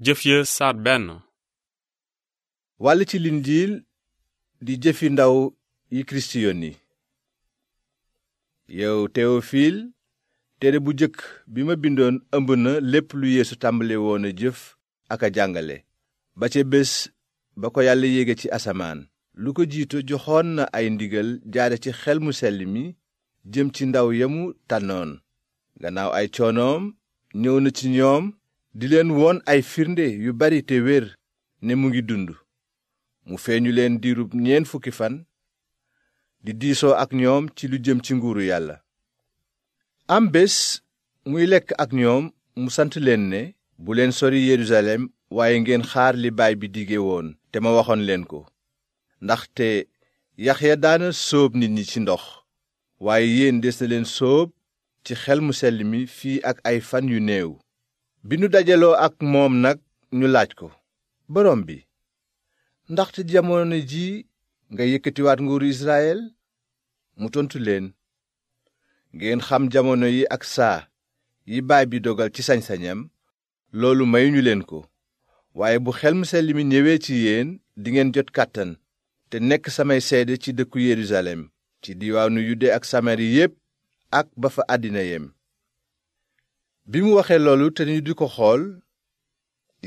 jëf ya saat wàll ci lindiil di jëfi ndaw yi kirist yónni yow tewofiil téere bu jëkk bi ma bindoon ëmb na lépp lu yéesu tàmbale woon a jëf ak a jàngale ba ca bés ba ko yàlla yéege ci asamaan lu ko jiito joxoon na ay ndigal jaare ci xel mu sell mi jëm ci ndaw yamu tànnoon gannaaw ay coonoom ñëw na ci ñoom di leen woon ay firnde yu bari te wér ne mu ngi dund mu feeñu leen diirub ñeent fukki fan di diisoo ak ñoom ci lu jëm ci nguuru yàlla am bés muy lekk ak ñoom mu sant leen ne bu leen sori Yerusalem waaye ngeen xaar li baay bi dige woon te ma waxoon leen ko ndaxte ya daana sóob nit ñi ci ndox waaye yéen des na leen sóob ci xel mu sell mi fii ak ay fan yu néew bi nu dajaloo ak moom nag ñu laaj ko borom bi ndaxte jamono ji nga yëkkatiwaat nguuru Israyel mu tontu leen ngeen xam jamono yi ak saa yi baay bi dogal ci sañ-sañam loolu mayuñu leen ko waaye bu xel mu sell mi ñëwee ci yéen dingeen jot kàttan te nekk samay seede ci dëkku Yerusalem ci diiwaanu Yude ak Samari yépp ak ba fa àddina yem bi mu waxee loolu te ñu di ko xool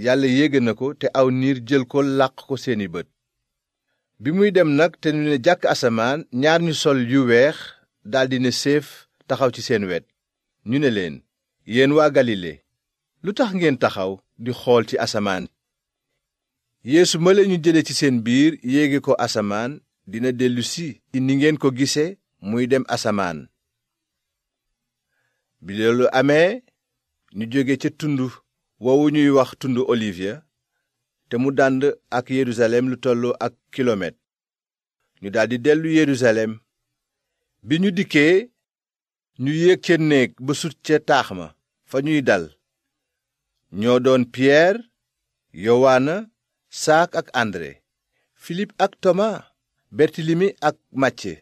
yàlla yéege na ko te aw niir jël ko làq ko seeni bët bi muy dem nag te ñu ne jàkk asamaan ñaar ñu sol yu weex daldi ne séef taxaw ci seen wet ñu ne leen yéen waa galile lu tax ngeen taxaw di xool ci asamaan yeesu male ñu jële ci seen biir yéege ko asamaan dina dellusi ci ngeen ko gise muy dem asamaan bi loolu amee ñu jóge ca tund woowu ñuy wax tund olivia te mu dànd ak yerusalem lu tolloo ak kilomètre ñu daldi dellu yerusalem bi ñu dikkee ñu yéeg ca néeg ba sut ca taax ma fa ñuy dal ñoo doon piyeer yowaana saak ak andre filip ak toma bertilimi ak macce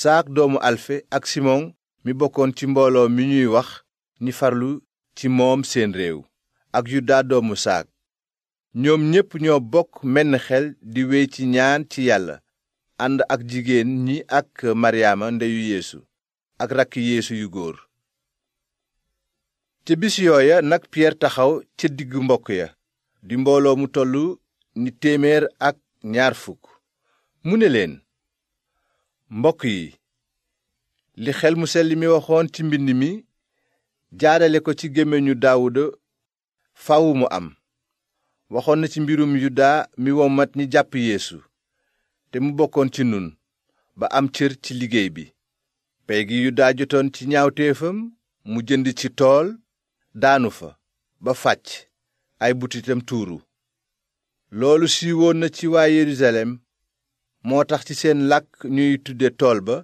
saak doomu alfe ak simon mi bokkoon ci mbooloo mi ñuy wax ñi farlu ci moom seen réew ak yu daadoomu saak ñoom ñépp ñoo bokk menn xel di wéy ci ñaan ci yàlla ànd ak jigéen ñi ak maryaama ndeyu yéesu ak rakki yéesu yu góor ci bis ya nag piyeer taxaw ca diggu mbokk ya di mbooloo mu tollu ni téeméer ak ñaar fukk mu ne leen mbokk yi li xel mu sell mi waxoon ci mbind mi jaarale ko ci gémmiñu daawuda fawu mu am waxoon na ci mbirum yuda mi womat ñi jàpp yeesu te mu bokkoon ci nun ba am cër ci liggéey bi pey gi yuda jotoon ci ñaawteefam mu jënd ci tool daanu fa ba fàcc ay butitam tuuru loolu siiwoon na ci waa yerusalem moo tax ci seen làkk ñuy tudde tool ba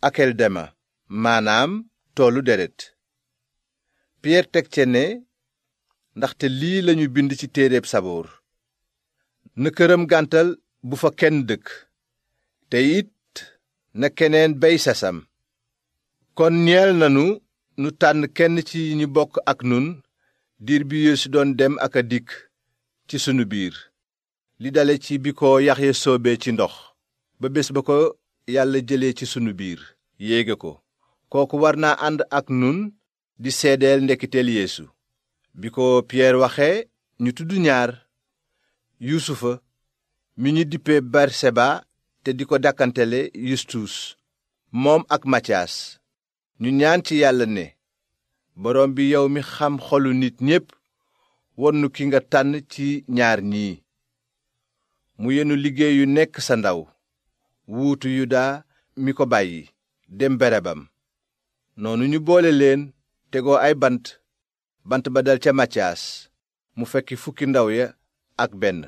akeldama maanaam toolu deret piyeer teg ce ne ndaxte lii lañu bind ci téereb saboor na këram gàntal bu fa kenn dëkk te it na keneen bay sasam kon ñeel nanu nu tànn kenn ci ñu bokk ak nun diir bi yeesu doon dem ak a dikk ci sunu biir li dale ci bi ko yaxya soobee ci ndox ba bés ba ko yàlla jële ci sunu biir yéege ko kooku war naa ànd ak nun di seedeel ndekkiteel yéesu bi ko piyeer waxe ñu tudd ñaar yusufa mi ñu dippe barseba te di ko dakkantele yustus moom ak matiyaas ñu ñaan ci yàlla ne borom bi yow mi xam xolu nit ñépp wonnu ki nga tànn ci ñaar ñii mu yenu liggéey yu nekk sa ndaw wuutu yuda mi ko bàyyi dem berebam noonu ñu boole leen tegoo ay bant bant ba dal ca matiyaas mu fekki fukki ndaw ya ak benn